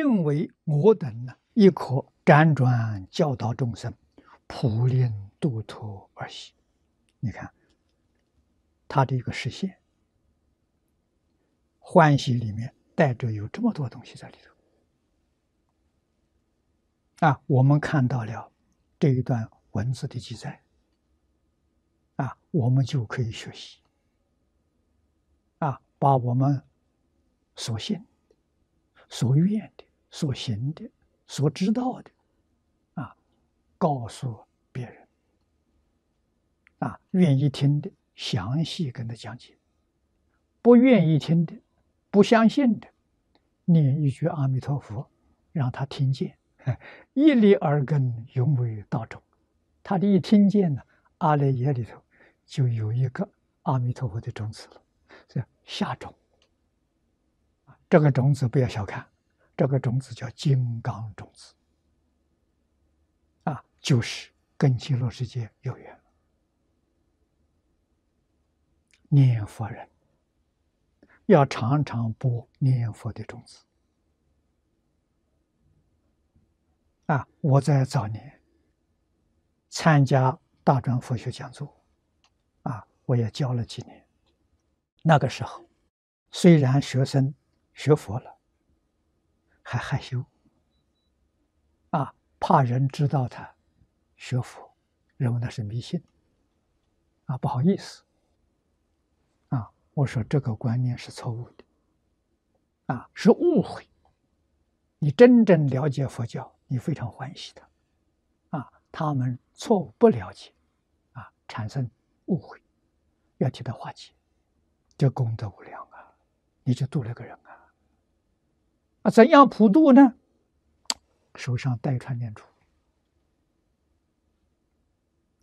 認為我等呢，亦可輾轉教導眾生，普令度脫而行。你看，他這個示現，歡喜裡面帶着有這麼多東西在裡頭。啊，我們看到了這一段文字的記載，啊，我們就可以學習，啊，把我們所信、所願的。所行的、所知道的，啊，告訴別人，啊，願意聽的，詳細跟他講解；不願意聽的、不相信的，念一句阿彌陀佛，讓他聽見。一歷耳根，永為道種。他這一聽見呢，阿賴耶裡頭就有一個阿彌陀佛的種子了，是下種。這個種子不要小看。這個種子叫金剛種子，啊，就是跟極樂世界有緣。念佛人要常常播念佛的種子，啊，我在早年參加大專佛學講座，啊，我也教了幾年，那個時候，雖然學生學佛了。還害羞啊，怕人知道他學佛，認為那是迷信啊，不好意思啊。我說這個觀念是錯誤的啊，是誤會。你真正了解佛教，你非常歡喜他啊。他們錯誤不了解啊，產生誤會。要替他化解，就功德無量啊，你就度了個人、啊啊，怎樣普渡呢？手上戴串念珠，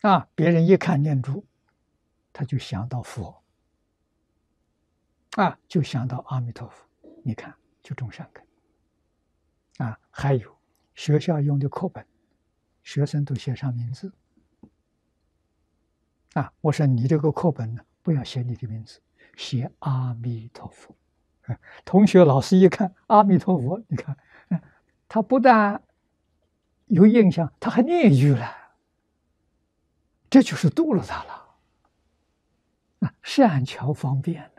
啊，別人一看念珠，他就想到佛，啊，就想到阿彌陀佛。你看，就種善根。啊，還有學校用的課本，學生都寫上名字。啊，我說你這個課本呢，不要寫你的名字，寫阿彌陀佛。同學老師一看，阿彌陀佛，你看，他不但有印象，他還念一句了，這就是度了他了，啊，善巧方便。